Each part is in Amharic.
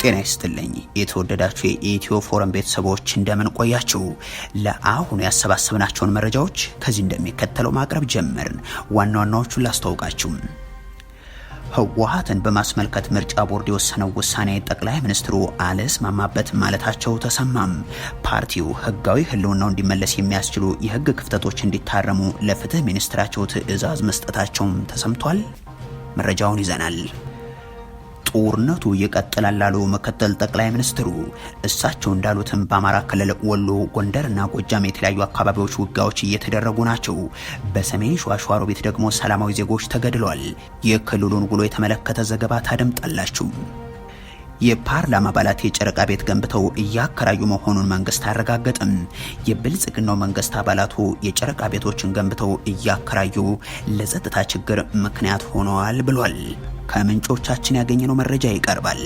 ጤና ይስጥልኝ የተወደዳችሁ የኢትዮ ፎረም ቤተሰቦች እንደምን ቆያችሁ? ለአሁኑ ያሰባሰብናቸውን መረጃዎች ከዚህ እንደሚከተለው ማቅረብ ጀመርን። ዋና ዋናዎቹን ላስተዋውቃችሁ። ህወሓትን በማስመልከት ምርጫ ቦርድ የወሰነው ውሳኔ ጠቅላይ ሚኒስትሩ አልስማማበት ማለታቸው ተሰማም። ፓርቲው ህጋዊ ህልውናው እንዲመለስ የሚያስችሉ የህግ ክፍተቶች እንዲታረሙ ለፍትህ ሚኒስትራቸው ትዕዛዝ መስጠታቸውም ተሰምቷል። መረጃውን ይዘናል። ጦርነቱ ይቀጥላል አሉ ምክትል ጠቅላይ ሚኒስትሩ። እሳቸው እንዳሉትም በአማራ ክልል ወሎ፣ ጎንደርና ጎጃም የተለያዩ አካባቢዎች ውጊያዎች እየተደረጉ ናቸው። በሰሜን ሸዋ ሸዋሮቢት ደግሞ ሰላማዊ ዜጎች ተገድለዋል። የክልሉን ውሎ የተመለከተ ዘገባ ታደምጣላችሁ። የፓርላማ አባላት የጨረቃ ቤት ገንብተው እያከራዩ መሆኑን መንግስት አረጋገጥም። የብልጽግናው መንግስት አባላቱ የጨረቃ ቤቶችን ገንብተው እያከራዩ ለጸጥታ ችግር ምክንያት ሆነዋል ብሏል። ከምንጮቻችን ያገኘነው መረጃ ይቀርባል።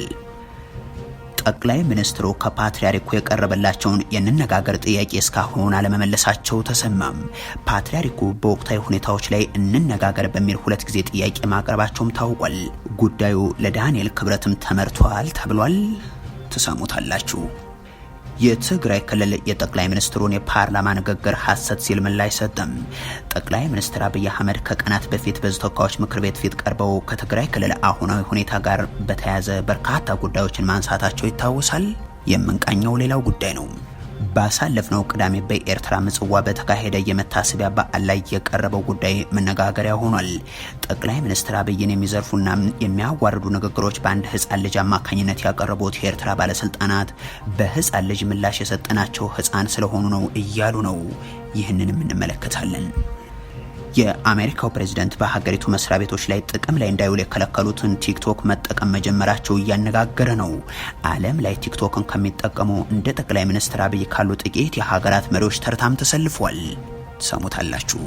ጠቅላይ ሚኒስትሩ ከፓትርያርኩ የቀረበላቸውን የእንነጋገር ጥያቄ እስካሁን አለመመለሳቸው ተሰማም። ፓትርያርኩ በወቅታዊ ሁኔታዎች ላይ እንነጋገር በሚል ሁለት ጊዜ ጥያቄ ማቅረባቸውም ታውቋል። ጉዳዩ ለዳንኤል ክብረትም ተመርቷል ተብሏል። ትሰሙታላችሁ። የትግራይ ክልል የጠቅላይ ሚኒስትሩን የፓርላማ ንግግር ሐሰት ሲል ምላሽ ሰጠም። ጠቅላይ ሚኒስትር አብይ አህመድ ከቀናት በፊት በሕዝብ ተወካዮች ምክር ቤት ፊት ቀርበው ከትግራይ ክልል አሁናዊ ሁኔታ ጋር በተያያዘ በርካታ ጉዳዮችን ማንሳታቸው ይታወሳል። የምንቃኘው ሌላው ጉዳይ ነው። ባሳለፍነው ቅዳሜ በኤርትራ ምጽዋ በተካሄደ የመታሰቢያ በዓል ላይ የቀረበው ጉዳይ መነጋገሪያ ሆኗል። ጠቅላይ ሚኒስትር አብይን የሚዘርፉና የሚያዋርዱ ንግግሮች በአንድ ህፃን ልጅ አማካኝነት ያቀረቡት የኤርትራ ባለስልጣናት በህፃን ልጅ ምላሽ የሰጠናቸው ህፃን ስለሆኑ ነው እያሉ ነው። ይህንንም እንመለከታለን። የአሜሪካው ፕሬዝደንት በሀገሪቱ መስሪያ ቤቶች ላይ ጥቅም ላይ እንዳይውል የከለከሉትን ቲክቶክ መጠቀም መጀመራቸው እያነጋገረ ነው። ዓለም ላይ ቲክቶክን ከሚጠቀሙ እንደ ጠቅላይ ሚኒስትር አብይ ካሉ ጥቂት የሀገራት መሪዎች ተርታም ተሰልፏል። ሰሙታላችሁ።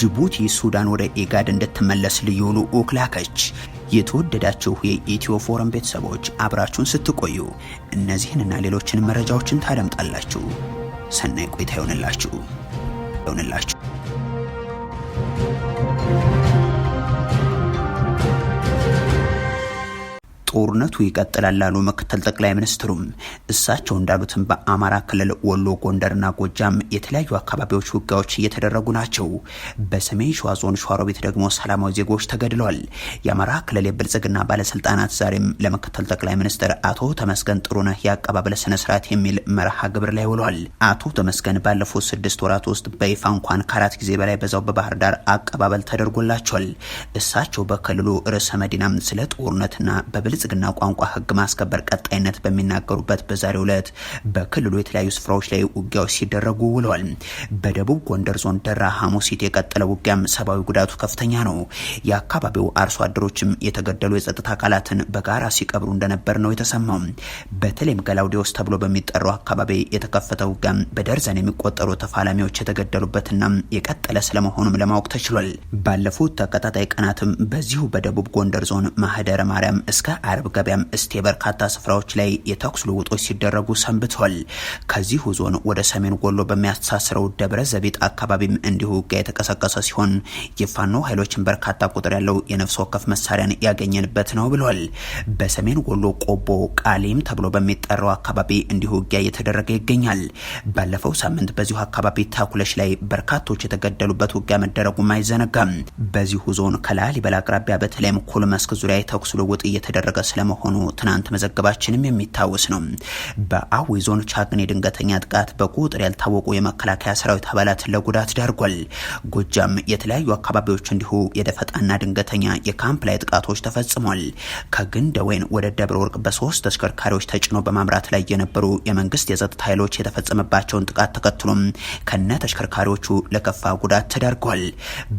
ጅቡቲ ሱዳን ወደ ኢጋድ እንድትመለስ ልዩ ልዑክ ላከች። የተወደዳችሁ የኢትዮ ፎረም ቤተሰቦች አብራችሁን ስትቆዩ እነዚህንና ሌሎችን መረጃዎችን ታደምጣላችሁ። ሰናይ ቆይታ ይሆንላችሁ ይሆንላችሁ። ጦርነቱ ይቀጥላል ላሉ ምክትል ጠቅላይ ሚኒስትሩም። እሳቸው እንዳሉትም በአማራ ክልል ወሎ፣ ጎንደርና ጎጃም የተለያዩ አካባቢዎች ውጊያዎች እየተደረጉ ናቸው። በሰሜን ሸዋ ዞን ሸዋሮቢት ደግሞ ሰላማዊ ዜጎች ተገድለዋል። የአማራ ክልል የብልጽግና ባለስልጣናት ዛሬም ለምክትል ጠቅላይ ሚኒስትር አቶ ተመስገን ጥሩነህ የአቀባበል ስነስርዓት የሚል መርሃ ግብር ላይ ውሏል። አቶ ተመስገን ባለፉት ስድስት ወራት ውስጥ በይፋ እንኳን ከአራት ጊዜ በላይ በዛው በባህር ዳር አቀባበል ተደርጎላቸዋል። እሳቸው በክልሉ ርዕሰ መዲናም ስለ ጦርነትና በብልጽ የብልጽግና ቋንቋ ህግ ማስከበር ቀጣይነት በሚናገሩበት በዛሬው ዕለት በክልሉ የተለያዩ ስፍራዎች ላይ ውጊያዎች ሲደረጉ ውለዋል። በደቡብ ጎንደር ዞን ደራ ሐሙሲት የቀጠለ ውጊያም ሰብአዊ ጉዳቱ ከፍተኛ ነው። የአካባቢው አርሶ አደሮችም የተገደሉ የጸጥታ አካላትን በጋራ ሲቀብሩ እንደነበር ነው የተሰማው። በተለይም ገላውዲዮስ ተብሎ በሚጠራው አካባቢ የተከፈተ ውጊያም በደርዘን የሚቆጠሩ ተፋላሚዎች የተገደሉበትና የቀጠለ ስለመሆኑም ለማወቅ ተችሏል። ባለፉት ተከታታይ ቀናትም በዚሁ በደቡብ ጎንደር ዞን ማህደረ ማርያም እስከ አረብ ገበያም እስቴ በርካታ ስፍራዎች ላይ የተኩስ ልውጦች ሲደረጉ ሰንብተዋል። ከዚሁ ዞን ወደ ሰሜን ወሎ በሚያስተሳስረው ደብረ ዘቢጥ አካባቢም እንዲሁ ውጊያ የተቀሰቀሰ ሲሆን የፋኖ ኃይሎችን በርካታ ቁጥር ያለው የነፍስ ወከፍ መሳሪያን ያገኘንበት ነው ብሏል። በሰሜን ወሎ ቆቦ ቃሊም ተብሎ በሚጠራው አካባቢ እንዲሁ ውጊያ እየተደረገ ይገኛል። ባለፈው ሳምንት በዚሁ አካባቢ ተኩለሽ ላይ በርካቶች የተገደሉበት ውጊያ መደረጉም አይዘነጋም። በዚሁ ዞን ከላሊበላ አቅራቢያ በተለይም ኮልመስክ ዙሪያ የተኩስ ልውጥ እየተደረገ ስለመሆኑ ትናንት መዘገባችንም የሚታወስ ነው። በአዊ ዞን ቻግኔ ድንገተኛ ጥቃት በቁጥር ያልታወቁ የመከላከያ ሰራዊት አባላት ለጉዳት ዳርጓል። ጎጃም የተለያዩ አካባቢዎች እንዲሁ የደፈጣና ድንገተኛ የካምፕ ላይ ጥቃቶች ተፈጽሟል። ከግንደ ወይን ወደ ደብረ ወርቅ በሶስት ተሽከርካሪዎች ተጭኖ በማምራት ላይ የነበሩ የመንግስት የጸጥታ ኃይሎች የተፈጸመባቸውን ጥቃት ተከትሎም ከነ ተሽከርካሪዎቹ ለከፋ ጉዳት ተዳርጓል።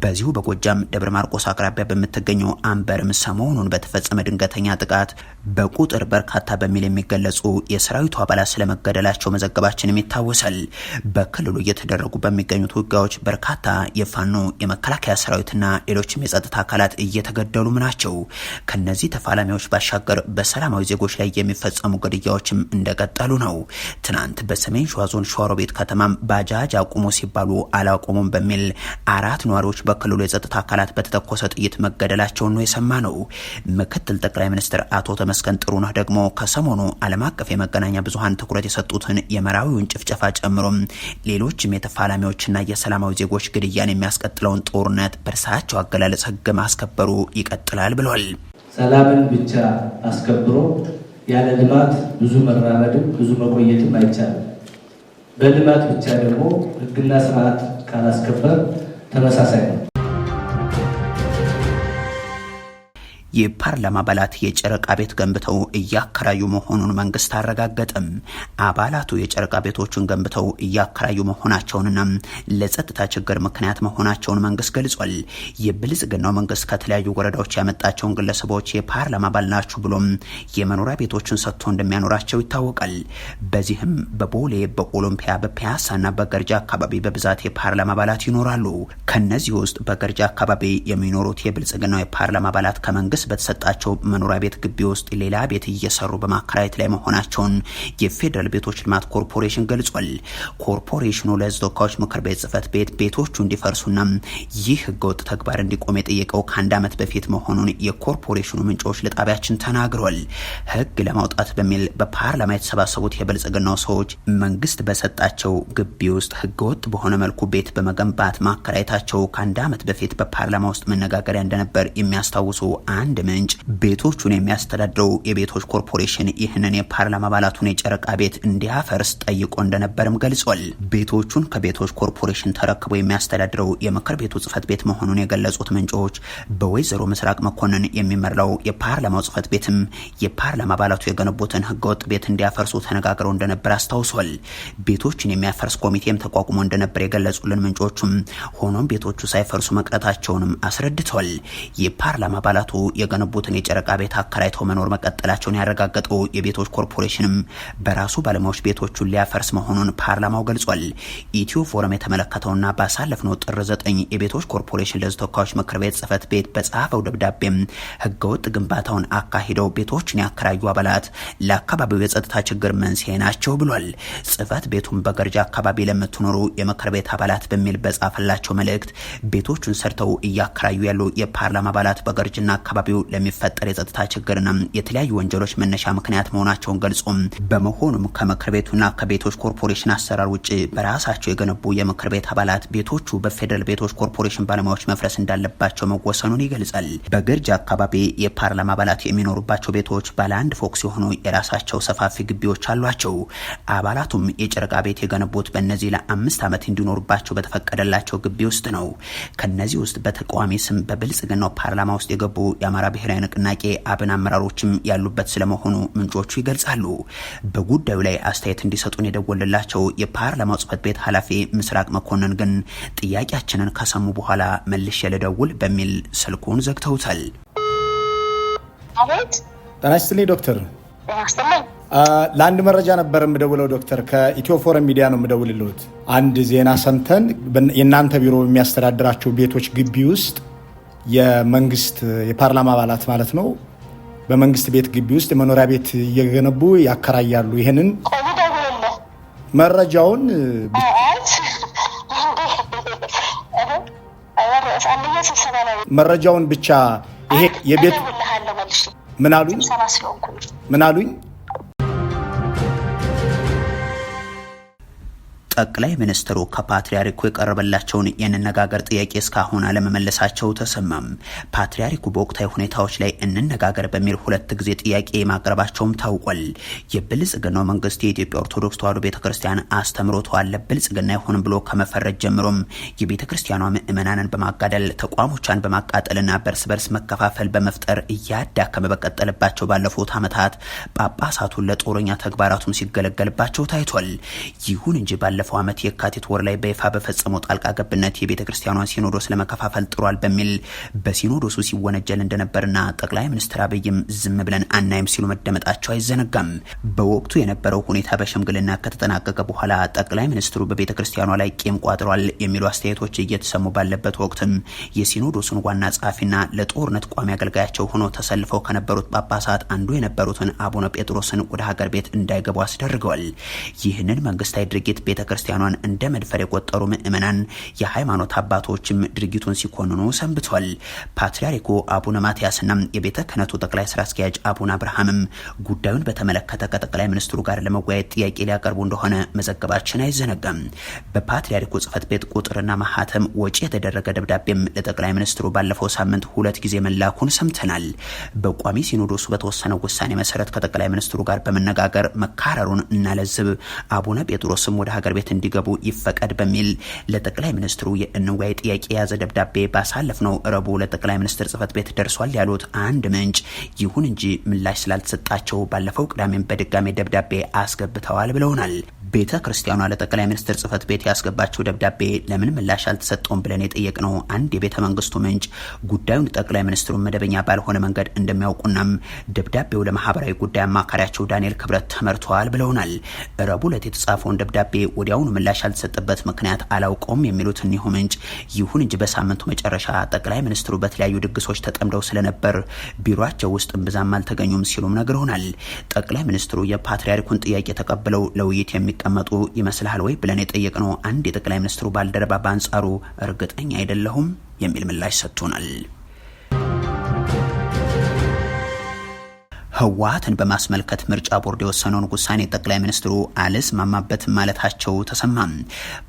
በዚሁ በጎጃም ደብረ ማርቆስ አቅራቢያ በምትገኘው አንበርም ሰሞኑን በተፈጸመ ድንገተኛ ጥቃት ጥቃት በቁጥር በርካታ በሚል የሚገለጹ የሰራዊቱ አባላት ስለመገደላቸው መዘገባችንም ይታወሳል። በክልሉ እየተደረጉ በሚገኙት ውጊያዎች በርካታ የፋኖ የመከላከያ ሰራዊትና ሌሎችም የጸጥታ አካላት እየተገደሉም ናቸው። ከነዚህ ተፋላሚዎች ባሻገር በሰላማዊ ዜጎች ላይ የሚፈጸሙ ግድያዎችም እንደቀጠሉ ነው። ትናንት በሰሜን ሸዋ ዞን ሸዋሮቤት ከተማም ባጃጅ አቁሙ ሲባሉ አላቆሙም በሚል አራት ነዋሪዎች በክልሉ የጸጥታ አካላት በተተኮሰ ጥይት መገደላቸውን ነው የሰማ ነው። ምክትል ጠቅላይ ሚኒስትር አቶ ተመስገን ጥሩነህ ደግሞ ከሰሞኑ ዓለም አቀፍ የመገናኛ ብዙሀን ትኩረት የሰጡትን የመራዊውን ጭፍጨፋ ጨምሮም ሌሎችም የተፋላሚዎችና የሰላማዊ ዜጎች ግድያን የሚያስቀጥለውን ጦርነት በእርሳቸው አገላለጽ ህግ ማስከበሩ ይቀጥላል ብሏል። ሰላምን ብቻ አስከብሮ ያለ ልማት ብዙ መራመድም ብዙ መቆየትም አይቻልም። በልማት ብቻ ደግሞ ህግና ስርዓት ካላስከበር ተመሳሳይ ነው። የፓርላማ አባላት የጨረቃ ቤት ገንብተው እያከራዩ መሆኑን መንግስት አረጋገጠም። አባላቱ የጨረቃ ቤቶቹን ገንብተው እያከራዩ መሆናቸውንና ለጸጥታ ችግር ምክንያት መሆናቸውን መንግስት ገልጿል። የብልጽግናው መንግስት ከተለያዩ ወረዳዎች ያመጣቸውን ግለሰቦች የፓርላማ አባል ናችሁ ብሎም የመኖሪያ ቤቶችን ሰጥቶ እንደሚያኖራቸው ይታወቃል። በዚህም በቦሌ በኦሎምፒያ በፒያሳና በገርጃ አካባቢ በብዛት የፓርላማ አባላት ይኖራሉ። ከነዚህ ውስጥ በገርጃ አካባቢ የሚኖሩት የብልጽግናው የፓርላማ አባላት ከመንግስት ለመመለስ በተሰጣቸው መኖሪያ ቤት ግቢ ውስጥ ሌላ ቤት እየሰሩ በማከራየት ላይ መሆናቸውን የፌዴራል ቤቶች ልማት ኮርፖሬሽን ገልጿል። ኮርፖሬሽኑ ለህዝብ ተወካዮች ምክር ቤት ጽህፈት ቤት ቤቶቹ እንዲፈርሱና ይህ ህገወጥ ተግባር እንዲቆም የጠየቀው ከአንድ ዓመት በፊት መሆኑን የኮርፖሬሽኑ ምንጮች ለጣቢያችን ተናግሯል። ህግ ለማውጣት በሚል በፓርላማ የተሰባሰቡት የብልጽግናው ሰዎች መንግስት በሰጣቸው ግቢ ውስጥ ህገወጥ በሆነ መልኩ ቤት በመገንባት ማከራየታቸው ከአንድ ዓመት በፊት በፓርላማ ውስጥ መነጋገሪያ እንደነበር የሚያስታውሱ አንድ አንድ ምንጭ ቤቶቹን የሚያስተዳድረው የቤቶች ኮርፖሬሽን ይህንን የፓርላማ አባላቱን የጨረቃ ቤት እንዲያፈርስ ጠይቆ እንደነበርም ገልጿል። ቤቶቹን ከቤቶች ኮርፖሬሽን ተረክቦ የሚያስተዳድረው የምክር ቤቱ ጽህፈት ቤት መሆኑን የገለጹት ምንጮች በወይዘሮ ምስራቅ መኮንን የሚመራው የፓርላማው ጽህፈት ቤትም የፓርላማ አባላቱ የገነቡትን ህገወጥ ቤት እንዲያፈርሱ ተነጋግረው እንደነበር አስታውሷል። ቤቶችን የሚያፈርስ ኮሚቴም ተቋቁሞ እንደነበር የገለጹልን ምንጮቹም ሆኖም ቤቶቹ ሳይፈርሱ መቅረታቸውንም አስረድቷል። የፓርላማ አባላቱ የገነቡትን የጨረቃ ቤት አከራይተው መኖር መቀጠላቸውን ያረጋገጠው የቤቶች ኮርፖሬሽንም በራሱ ባለሙያዎች ቤቶቹን ሊያፈርስ መሆኑን ፓርላማው ገልጿል። ኢትዮ ፎረም የተመለከተውና ባሳለፍነው ጥር ዘጠኝ የቤቶች ኮርፖሬሽን ለሕዝብ ተወካዮች ምክር ቤት ጽህፈት ቤት በጻፈው ደብዳቤም ህገወጥ ግንባታውን አካሂደው ቤቶችን ያከራዩ አባላት ለአካባቢው የጸጥታ ችግር መንስኤ ናቸው ብሏል። ጽህፈት ቤቱን በገርጃ አካባቢ ለምትኖሩ የምክር ቤት አባላት በሚል በጻፈላቸው መልእክት ቤቶቹን ሰርተው እያከራዩ ያሉ የፓርላማ አባላት በገርጅና አካባቢ በአካባቢው ለሚፈጠር የጸጥታ ችግርና የተለያዩ ወንጀሎች መነሻ ምክንያት መሆናቸውን ገልጾም በመሆኑም ከምክር ቤቱና ከቤቶች ኮርፖሬሽን አሰራር ውጭ በራሳቸው የገነቡ የምክር ቤት አባላት ቤቶቹ በፌዴራል ቤቶች ኮርፖሬሽን ባለሙያዎች መፍረስ እንዳለባቸው መወሰኑን ይገልጻል። በግርጅ አካባቢ የፓርላማ አባላት የሚኖሩባቸው ቤቶች ባለ አንድ ፎቅ ሲሆኑ የራሳቸው ሰፋፊ ግቢዎች አሏቸው። አባላቱም የጨረቃ ቤት የገነቡት በእነዚህ ለአምስት ዓመት እንዲኖሩባቸው በተፈቀደላቸው ግቢ ውስጥ ነው። ከነዚህ ውስጥ በተቃዋሚ ስም በብልጽግናው ፓርላማ ውስጥ የገቡ የአማራ ብሔራዊ ንቅናቄ አብን አመራሮችም ያሉበት ስለመሆኑ ምንጮቹ ይገልጻሉ። በጉዳዩ ላይ አስተያየት እንዲሰጡን የደወልላቸው የፓርላማው ጽህፈት ቤት ኃላፊ ምስራቅ መኮንን ግን ጥያቄያችንን ከሰሙ በኋላ መልሼ ልደውል በሚል ስልኩን ዘግተውታል። ጤና ዶክተር። ለአንድ መረጃ ነበር የምደውለው ዶክተር። ከኢትዮ ፎረም ሚዲያ ነው የምደውልልዎት። አንድ ዜና ሰምተን የእናንተ ቢሮ የሚያስተዳድራቸው ቤቶች ግቢ ውስጥ የመንግስት የፓርላማ አባላት ማለት ነው በመንግስት ቤት ግቢ ውስጥ የመኖሪያ ቤት እየገነቡ ያከራያሉ። ይህንን መረጃውን መረጃውን ብቻ ይሄ የቤቱ ምን አሉኝ ምን አሉኝ ጠቅላይ ሚኒስትሩ ከፓትርያርኩ የቀረበላቸውን የእንነጋገር ጥያቄ እስካሁን አለመመለሳቸው ተሰማም። ፓትርያርኩ በወቅታዊ ሁኔታዎች ላይ እንነጋገር በሚል ሁለት ጊዜ ጥያቄ ማቅረባቸውም ታውቋል። የብልጽግናው መንግስት የኢትዮጵያ ኦርቶዶክስ ተዋሕዶ ቤተክርስቲያን አስተምሮተዋል ብልጽግና ይሁን ብሎ ከመፈረጅ ጀምሮም የቤተክርስቲያኗ ምእመናንን በማጋደል ተቋሞቿን በማቃጠልና በርስ በርስ መከፋፈል በመፍጠር እያዳከመ በቀጠለባቸው ባለፉት ዓመታት ጳጳሳቱን ለጦረኛ ተግባራቱም ሲገለገልባቸው ታይቷል። ይሁን እንጂ ባለ ባለፈው ዓመት የካቲት ወር ላይ በይፋ በፈጸመው ጣልቃ ገብነት የቤተ ክርስቲያኗን ሲኖዶስ ለመከፋፈል ጥሯል በሚል በሲኖዶሱ ሲወነጀል እንደነበርና ጠቅላይ ሚኒስትር አብይም ዝም ብለን አናይም ሲሉ መደመጣቸው አይዘነጋም። በወቅቱ የነበረው ሁኔታ በሽምግልና ከተጠናቀቀ በኋላ ጠቅላይ ሚኒስትሩ በቤተ ክርስቲያኗ ላይ ቂም ቋጥሯል የሚሉ አስተያየቶች እየተሰሙ ባለበት ወቅትም የሲኖዶሱን ዋና ጸሐፊና ለጦርነት ቋሚ አገልጋያቸው ሆኖ ተሰልፈው ከነበሩት ጳጳሳት አንዱ የነበሩትን አቡነ ጴጥሮስን ወደ ሀገር ቤት እንዳይገቡ አስደርገዋል። ይህንን መንግስታዊ ድርጊት ቤተ ክርስቲያኗን እንደ መድፈር የቆጠሩ ምእመናን የሃይማኖት አባቶችም ድርጊቱን ሲኮንኑ ሰንብቷል። ፓትርያርኩ አቡነ ማትያስና የቤተ ክህነቱ ጠቅላይ ስራ አስኪያጅ አቡነ አብርሃምም ጉዳዩን በተመለከተ ከጠቅላይ ሚኒስትሩ ጋር ለመወያየት ጥያቄ ሊያቀርቡ እንደሆነ መዘገባችን አይዘነጋም። በፓትርያርኩ ጽህፈት ቤት ቁጥርና ማህተም ወጪ የተደረገ ደብዳቤም ለጠቅላይ ሚኒስትሩ ባለፈው ሳምንት ሁለት ጊዜ መላኩን ሰምተናል። በቋሚ ሲኖዶሱ በተወሰነው ውሳኔ መሰረት ከጠቅላይ ሚኒስትሩ ጋር በመነጋገር መካረሩን እናለዝብ። አቡነ ጴጥሮስም ወደ ሀገር ቤት እንዲገቡ ይፈቀድ በሚል ለጠቅላይ ሚኒስትሩ የእንዋይ ጥያቄ የያዘ ደብዳቤ ባሳለፍ ነው ረቡ ለጠቅላይ ሚኒስትር ጽህፈት ቤት ደርሷል ያሉት አንድ ምንጭ፣ ይሁን እንጂ ምላሽ ስላልተሰጣቸው ባለፈው ቅዳሜን በድጋሜ ደብዳቤ አስገብተዋል ብለውናል። ቤተ ክርስቲያኗ ለጠቅላይ ሚኒስትር ጽህፈት ቤት ያስገባቸው ደብዳቤ ለምን ምላሽ አልተሰጠውም ብለን የጠየቅነው አንድ የቤተ መንግስቱ ምንጭ ጉዳዩን ጠቅላይ ሚኒስትሩን መደበኛ ባልሆነ መንገድ እንደሚያውቁናም ደብዳቤው ለማህበራዊ ጉዳይ አማካሪያቸው ዳንኤል ክብረት ተመርተዋል ብለውናል። ረቡዕ ዕለት የተጻፈውን ደብዳቤ ወደ ወዲያውኑ ምላሽ ያልተሰጠበት ምክንያት አላውቀውም የሚሉት እኒሁ ምንጭ፣ ይሁን እንጂ በሳምንቱ መጨረሻ ጠቅላይ ሚኒስትሩ በተለያዩ ድግሶች ተጠምደው ስለነበር ቢሮቸው ውስጥ እምብዛም አልተገኙም ሲሉም ነግረውናል። ጠቅላይ ሚኒስትሩ የፓትርያርኩን ጥያቄ ተቀብለው ለውይይት የሚቀመጡ ይመስልሃል ወይ ብለን የጠየቅነው አንድ የጠቅላይ ሚኒስትሩ ባልደረባ በአንጻሩ እርግጠኛ አይደለሁም የሚል ምላሽ ሰጥቶናል። ህወሓትን በማስመልከት ምርጫ ቦርድ የወሰነውን ውሳኔ ጠቅላይ ሚኒስትሩ አልስማማበትም ማለታቸው ተሰማ።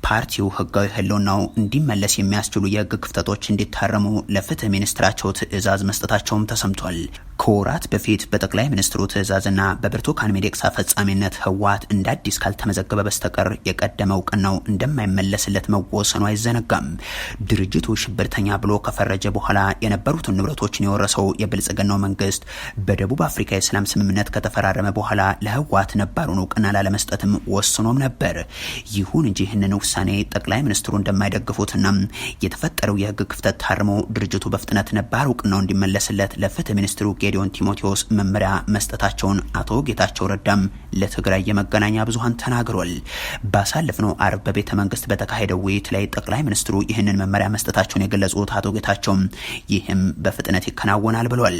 ፓርቲው ህጋዊ ህልውናው እንዲመለስ የሚያስችሉ የህግ ክፍተቶች እንዲታረሙ ለፍትህ ሚኒስትራቸው ትዕዛዝ መስጠታቸውም ተሰምቷል። ከወራት በፊት በጠቅላይ ሚኒስትሩ ትዕዛዝና በብርቱካን ሚደቅሳ ፈጻሚነት ህወሓት እንደ አዲስ ካልተመዘገበ በስተቀር የቀደመ እውቅናው እንደማይመለስለት መወሰኑ አይዘነጋም። ድርጅቱ ሽብርተኛ ብሎ ከፈረጀ በኋላ የነበሩትን ንብረቶችን የወረሰው የብልጽግናው መንግስት በደቡብ አፍሪካ የሰላም ስምምነት ከተፈራረመ በኋላ ለህወሓት ነባሩን እውቅና ላለመስጠትም ወስኖም ነበር። ይሁን እንጂ ይህንን ውሳኔ ጠቅላይ ሚኒስትሩ እንደማይደግፉትና የተፈጠረው የህግ ክፍተት ታርሞ ድርጅቱ በፍጥነት ነባር እውቅናው እንዲመለስለት ለፍትህ ሚኒስትሩ ጌዲዮን ቲሞቴዎስ መመሪያ መስጠታቸውን አቶ ጌታቸው ረዳም ለትግራይ የመገናኛ ብዙሀን ተናግሯል። ባሳለፍነው አርብ በቤተ መንግስት በተካሄደው ውይይት ላይ ጠቅላይ ሚኒስትሩ ይህንን መመሪያ መስጠታቸውን የገለጹት አቶ ጌታቸው ይህም በፍጥነት ይከናወናል ብሏል።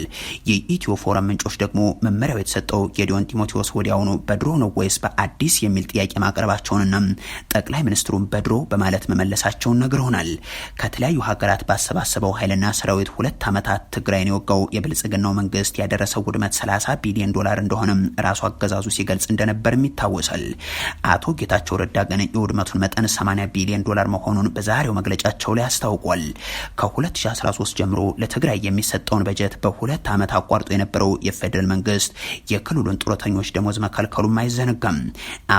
የኢትዮ ፎረም ምንጮች ደግሞ መመሪያው የተሰጠው ጌዲዮን ጢሞቴዎስ ወዲያውኑ በድሮ ነው ወይስ በአዲስ የሚል ጥያቄ ማቅረባቸውንና ጠቅላይ ሚኒስትሩን በድሮ በማለት መመለሳቸውን ነግረውናል። ከተለያዩ ሀገራት ባሰባሰበው ኃይልና ሰራዊት ሁለት ዓመታት ትግራይን የወጋው የብልጽግናው መንግስት ያደረሰው ውድመት 30 ቢሊዮን ዶላር እንደሆነም ራሱ አገዛዙ ሲገልጽ እንደነበርም ይታወሳል። አቶ ጌታቸው ረዳ ግን የውድመቱን መጠን 80 ቢሊዮን ዶላር መሆኑን በዛሬው መግለጫቸው ላይ አስታውቋል። ከ2013 ጀምሮ ለትግራይ የሚሰጠውን በጀት በሁለት ዓመት አቋርጦ የነበረው የፌዴራል መንግስት የክልሉን ጡረተኞች ደሞዝ መከልከሉም አይዘነጋም።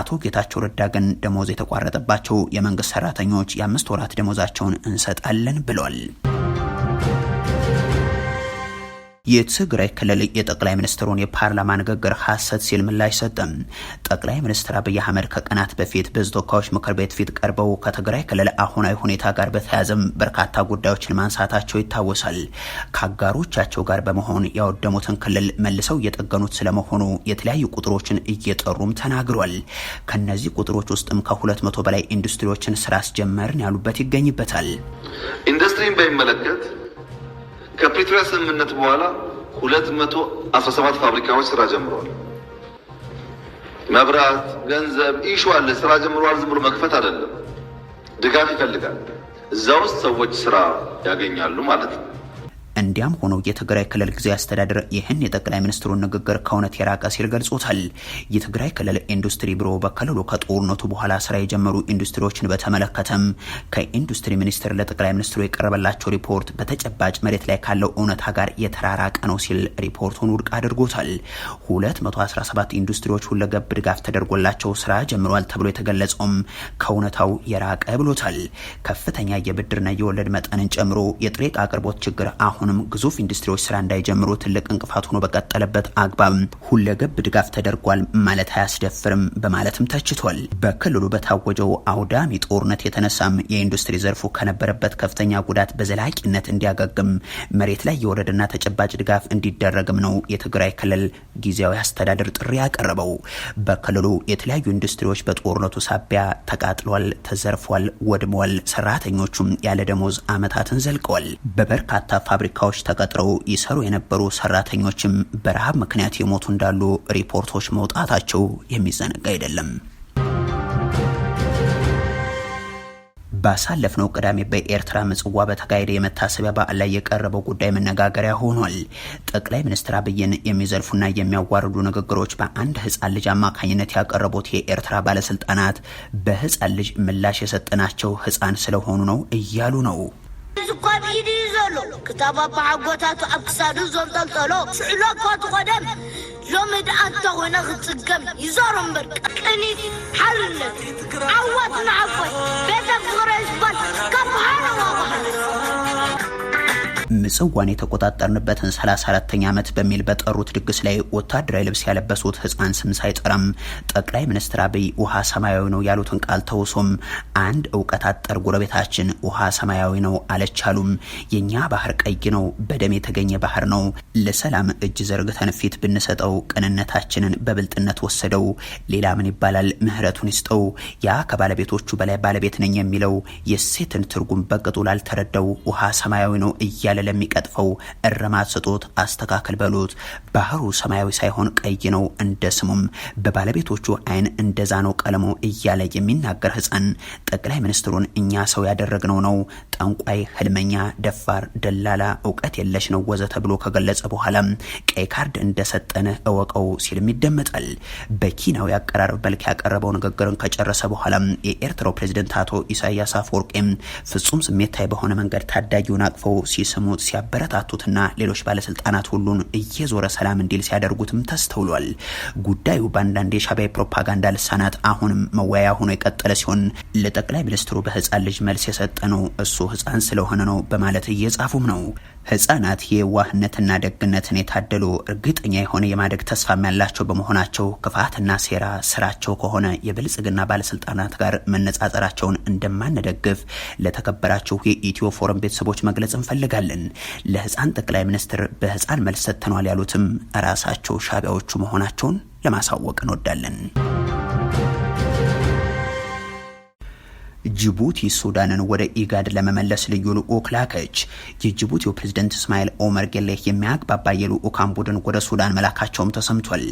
አቶ ጌታቸው ረዳ ግን ደሞዝ የተቋረጠባቸው የመንግስት ሰራተኞች የአምስት ወራት ደሞዛቸውን እንሰጣለን ብሏል። የትግራይ ክልል የጠቅላይ ሚኒስትሩን የፓርላማ ንግግር ሀሰት ሲል ምላሽ ሰጠም። ጠቅላይ ሚኒስትር አብይ አህመድ ከቀናት በፊት በሕዝብ ተወካዮች ምክር ቤት ፊት ቀርበው ከትግራይ ክልል አሁናዊ ሁኔታ ጋር በተያያዘም በርካታ ጉዳዮችን ማንሳታቸው ይታወሳል። ከአጋሮቻቸው ጋር በመሆን ያወደሙትን ክልል መልሰው እየጠገኑት ስለመሆኑ የተለያዩ ቁጥሮችን እየጠሩም ተናግሯል። ከነዚህ ቁጥሮች ውስጥም ከሁለት መቶ በላይ ኢንዱስትሪዎችን ስራ አስጀመርን ያሉበት ይገኝበታል። ኢንዱስትሪን በሚመለከት ከፕሪቶሪያ ስምምነት በኋላ 217 ፋብሪካዎች ስራ ጀምረዋል። መብራት፣ ገንዘብ፣ ኢሹ አለ። ስራ ጀምረዋል። ዝም ብሎ መክፈት አይደለም፣ ድጋፍ ይፈልጋል። እዛ ውስጥ ሰዎች ስራ ያገኛሉ ማለት ነው። እንዲያም ሆኖ የትግራይ ክልል ጊዜያዊ አስተዳደር ይህን የጠቅላይ ሚኒስትሩን ንግግር ከእውነት የራቀ ሲል ገልጾታል። የትግራይ ክልል ኢንዱስትሪ ቢሮ በክልሉ ከጦርነቱ በኋላ ስራ የጀመሩ ኢንዱስትሪዎችን በተመለከተም ከኢንዱስትሪ ሚኒስቴር ለጠቅላይ ሚኒስትሩ የቀረበላቸው ሪፖርት በተጨባጭ መሬት ላይ ካለው እውነታ ጋር የተራራቀ ነው ሲል ሪፖርቱን ውድቅ አድርጎታል። 217 ኢንዱስትሪዎች ሁለገብ ድጋፍ ተደርጎላቸው ስራ ጀምሯል ተብሎ የተገለጸውም ከእውነታው የራቀ ብሎታል። ከፍተኛ የብድርና የወለድ መጠንን ጨምሮ የጥሬ አቅርቦት ችግር አሁን አሁንም ግዙፍ ኢንዱስትሪዎች ስራ እንዳይጀምሩ ትልቅ እንቅፋት ሆኖ በቀጠለበት አግባብ ሁለገብ ድጋፍ ተደርጓል ማለት አያስደፍርም በማለትም ተችቷል። በክልሉ በታወጀው አውዳሚ ጦርነት የተነሳም የኢንዱስትሪ ዘርፉ ከነበረበት ከፍተኛ ጉዳት በዘላቂነት እንዲያገግም መሬት ላይ የወረደና ተጨባጭ ድጋፍ እንዲደረግም ነው የትግራይ ክልል ጊዜያዊ አስተዳደር ጥሪ ያቀረበው። በክልሉ የተለያዩ ኢንዱስትሪዎች በጦርነቱ ሳቢያ ተቃጥሏል፣ ተዘርፏል፣ ወድመዋል። ሰራተኞቹም ያለ ደሞዝ አመታትን ዘልቀዋል። በበርካታ ፋብሪካ ፋብሪካዎች ተቀጥረው ይሰሩ የነበሩ ሰራተኞችም በረሃብ ምክንያት የሞቱ እንዳሉ ሪፖርቶች መውጣታቸው የሚዘነጋ አይደለም። ባሳለፍነው ቅዳሜ በኤርትራ ምጽዋ በተካሄደ የመታሰቢያ በዓል ላይ የቀረበው ጉዳይ መነጋገሪያ ሆኗል። ጠቅላይ ሚኒስትር አብይን የሚዘልፉና የሚያዋርዱ ንግግሮች በአንድ ህፃን ልጅ አማካኝነት ያቀረቡት የኤርትራ ባለስልጣናት በህፃን ልጅ ምላሽ የሰጠናቸው ህፃን ስለሆኑ ነው እያሉ ነው። ዝኮ ብኢድ እዩ ዘሎ ክታብ ኣቦ ዓጎታቱ ኣብ ክሳዱ ዘንጠልጠሎ ስዕሎ እኳ ትቆደም ሎሚ ድኣ እንተኾነ ክፅገም ይዞሮ እምበር ቅኒት ሓርነት ዓዋት ንዓበይ ቤተ ፍቅረ ይዝባል ካብ ሃረዋ ባህል ምጽዋን የተቆጣጠርንበትን 34ተኛ ዓመት በሚል በጠሩት ድግስ ላይ ወታደራዊ ልብስ ያለበሱት ህፃን ስም ሳይጠራም ጠቅላይ ሚኒስትር አብይ ውሃ ሰማያዊ ነው ያሉትን ቃል ተውሶም አንድ እውቀት አጠር ጎረቤታችን ውሃ ሰማያዊ ነው አለቻሉም። የእኛ ባህር ቀይ ነው፣ በደም የተገኘ ባህር ነው። ለሰላም እጅ ዘርግተን ፊት ብንሰጠው ቅንነታችንን በብልጥነት ወሰደው። ሌላ ምን ይባላል? ምህረቱን ይስጠው። ያ ከባለቤቶቹ በላይ ባለቤት ነኝ የሚለው የሴትን ትርጉም በቅጡ ላልተረዳው ውሃ ሰማያዊ ነው እያለ እንደሚቀጥፈው እርማት ስጡት፣ አስተካከል በሉት። ባህሩ ሰማያዊ ሳይሆን ቀይ ነው፣ እንደ ስሙም በባለቤቶቹ አይን እንደዛ ነው ቀለሙ እያለ የሚናገር ህፃን ጠቅላይ ሚኒስትሩን እኛ ሰው ያደረግነው ነው ጠንቋይ፣ ህልመኛ፣ ደፋር፣ ደላላ፣ እውቀት የለሽ ነው ወዘ ተብሎ ከገለጸ በኋላ ቀይ ካርድ እንደሰጠን እወቀው ሲልም ይደመጣል። በኪናዊ አቀራረብ መልክ ያቀረበው ንግግርን ከጨረሰ በኋላ የኤርትራው ፕሬዝደንት አቶ ኢሳያስ አፈወርቄም ፍጹም ስሜታዊ በሆነ መንገድ ታዳጊውን አቅፈው ሲስሙት ሲያበረታቱትና ሌሎች ባለስልጣናት ሁሉን እየዞረ ሰላም እንዲል ሲያደርጉትም ተስተውሏል። ጉዳዩ በአንዳንድ የሻቢያ ፕሮፓጋንዳ ልሳናት አሁንም መወያያ ሆኖ የቀጠለ ሲሆን ለጠቅላይ ሚኒስትሩ በህፃን ልጅ መልስ የሰጠ ነው እሱ ህፃን ስለሆነ ነው በማለት እየጻፉም ነው። ህጻናት የዋህነትና ደግነትን የታደሉ እርግጠኛ የሆነ የማደግ ተስፋም ያላቸው በመሆናቸው ክፋትና ሴራ ስራቸው ከሆነ የብልጽግና ባለስልጣናት ጋር መነጻጸራቸውን እንደማንደግፍ ለተከበራችሁ የኢትዮ ፎረም ቤተሰቦች መግለጽ እንፈልጋለን። ለህፃን ጠቅላይ ሚኒስትር በህፃን መልስ ሰጥተኗል ያሉትም ራሳቸው ሻቢያዎቹ መሆናቸውን ለማሳወቅ እንወዳለን። ጅቡቲ ሱዳንን ወደ ኢጋድ ለመመለስ ልዩ ልዑክ ላከች። የጅቡቲው ፕሬዝደንት እስማኤል ኦመር ጌሌህ የሚያግባባ የልዑካን ቡድን ወደ ሱዳን መላካቸውም ተሰምቷል።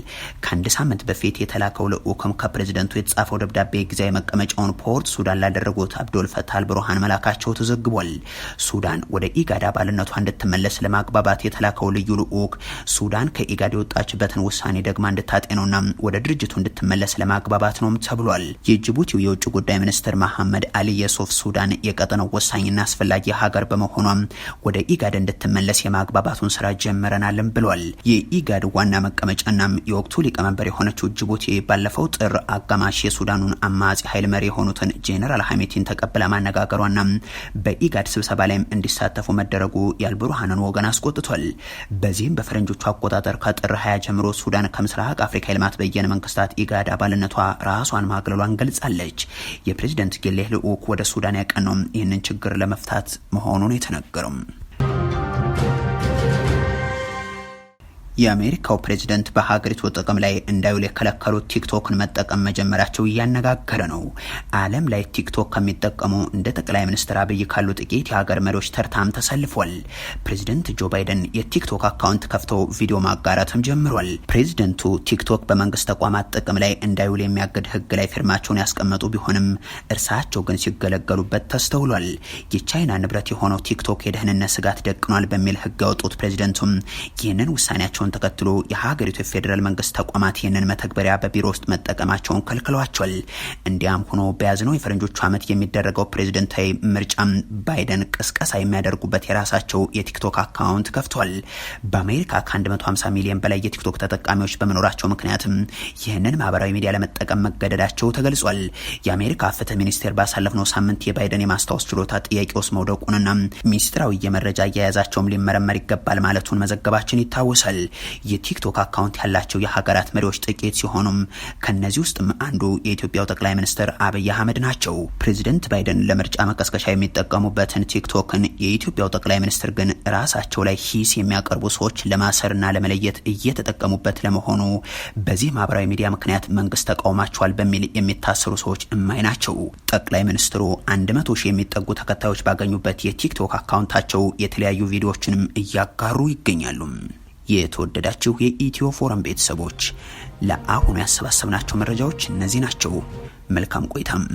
ከአንድ ሳምንት በፊት የተላከው ልዑክም ከፕሬዝደንቱ የተጻፈው ደብዳቤ ጊዜያዊ መቀመጫውን ፖርት ሱዳን ላደረጉት አብዶል ፈታል ብሩሃን መላካቸው ተዘግቧል። ሱዳን ወደ ኢጋድ አባልነቷ እንድትመለስ ለማግባባት የተላከው ልዩ ልዑክ ሱዳን ከኢጋድ የወጣችበትን ውሳኔ ደግማ እንድታጤነውና ወደ ድርጅቱ እንድትመለስ ለማግባባት ነውም ተብሏል። የጅቡቲው የውጭ ጉዳይ ሚኒስትር መሐመድ መሐመድ አሊ የሱፍ ሱዳን የቀጠነው ወሳኝና አስፈላጊ ሀገር በመሆኗም ወደ ኢጋድ እንድትመለስ የማግባባቱን ስራ ጀምረናልም ብሏል። የኢጋድ ዋና መቀመጫናም የወቅቱ ሊቀመንበር የሆነችው ጅቡቲ ባለፈው ጥር አጋማሽ የሱዳኑን አማጺ ኃይል መሪ የሆኑትን ጄኔራል ሀሜቲን ተቀብላ ማነጋገሯና በኢጋድ ስብሰባ ላይም እንዲሳተፉ መደረጉ ያልብሩሃንን ወገን አስቆጥቷል። በዚህም በፈረንጆቹ አቆጣጠር ከጥር 20 ጀምሮ ሱዳን ከምስራቅ አፍሪካ የልማት በየነ መንግስታት ኢጋድ አባልነቷ ራሷን ማግለሏን ገልጻለች። የፕሬዚደንት ጌሌህ ልዑክ ወደ ሱዳን ያቀነው ይህንን ችግር ለመፍታት መሆኑን የተነገረው የአሜሪካው ፕሬዝደንት በሀገሪቱ ጥቅም ላይ እንዳይውል የከለከሉት ቲክቶክን መጠቀም መጀመራቸው እያነጋገረ ነው። ዓለም ላይ ቲክቶክ ከሚጠቀሙ እንደ ጠቅላይ ሚኒስትር አብይ ካሉ ጥቂት የሀገር መሪዎች ተርታም ተሰልፏል። ፕሬዝደንት ጆ ባይደን የቲክቶክ አካውንት ከፍተው ቪዲዮ ማጋራትም ጀምሯል። ፕሬዝደንቱ ቲክቶክ በመንግስት ተቋማት ጥቅም ላይ እንዳይውል የሚያግድ ህግ ላይ ፊርማቸውን ያስቀመጡ ቢሆንም እርሳቸው ግን ሲገለገሉበት ተስተውሏል። የቻይና ንብረት የሆነው ቲክቶክ የደህንነት ስጋት ደቅኗል በሚል ህግ ያወጡት ፕሬዝደንቱም ይህንን ውሳኔያቸው መሆናቸውን ተከትሎ የሀገሪቱ የፌዴራል መንግስት ተቋማት ይህንን መተግበሪያ በቢሮ ውስጥ መጠቀማቸውን ከልክለዋቸዋል። እንዲያም ሆኖ በያዝነው የፈረንጆቹ ዓመት የሚደረገው ፕሬዝደንታዊ ምርጫም ባይደን ቅስቀሳ የሚያደርጉበት የራሳቸው የቲክቶክ አካውንት ከፍቷል። በአሜሪካ ከ150 ሚሊዮን በላይ የቲክቶክ ተጠቃሚዎች በመኖራቸው ምክንያትም ይህንን ማህበራዊ ሚዲያ ለመጠቀም መገደዳቸው ተገልጿል። የአሜሪካ ፍትህ ሚኒስቴር ባሳለፍነው ሳምንት የባይደን የማስታወስ ችሎታ ጥያቄ ውስጥ መውደቁንና ሚኒስትራዊ የመረጃ አያያዛቸውም ሊመረመር ይገባል ማለቱን መዘገባችን ይታወሳል። የቲክቶክ አካውንት ያላቸው የሀገራት መሪዎች ጥቂት ሲሆኑም ከነዚህ ውስጥም አንዱ የኢትዮጵያው ጠቅላይ ሚኒስትር አብይ አህመድ ናቸው። ፕሬዚደንት ባይደን ለምርጫ መቀስቀሻ የሚጠቀሙበትን ቲክቶክን የኢትዮጵያው ጠቅላይ ሚኒስትር ግን ራሳቸው ላይ ሂስ የሚያቀርቡ ሰዎች ለማሰርና ለመለየት እየተጠቀሙበት ለመሆኑ በዚህ ማህበራዊ ሚዲያ ምክንያት መንግስት ተቃውማቸዋል በሚል የሚታሰሩ ሰዎች እማይ ናቸው። ጠቅላይ ሚኒስትሩ አንድ ሺህ የሚጠጉ ተከታዮች ባገኙበት የቲክቶክ አካውንታቸው የተለያዩ ቪዲዮዎችንም እያጋሩ ይገኛሉ። የተወደዳችሁ የኢትዮ ፎረም ቤተሰቦች ለአሁኑ ያሰባሰብናቸው መረጃዎች እነዚህ ናቸው። መልካም ቆይታም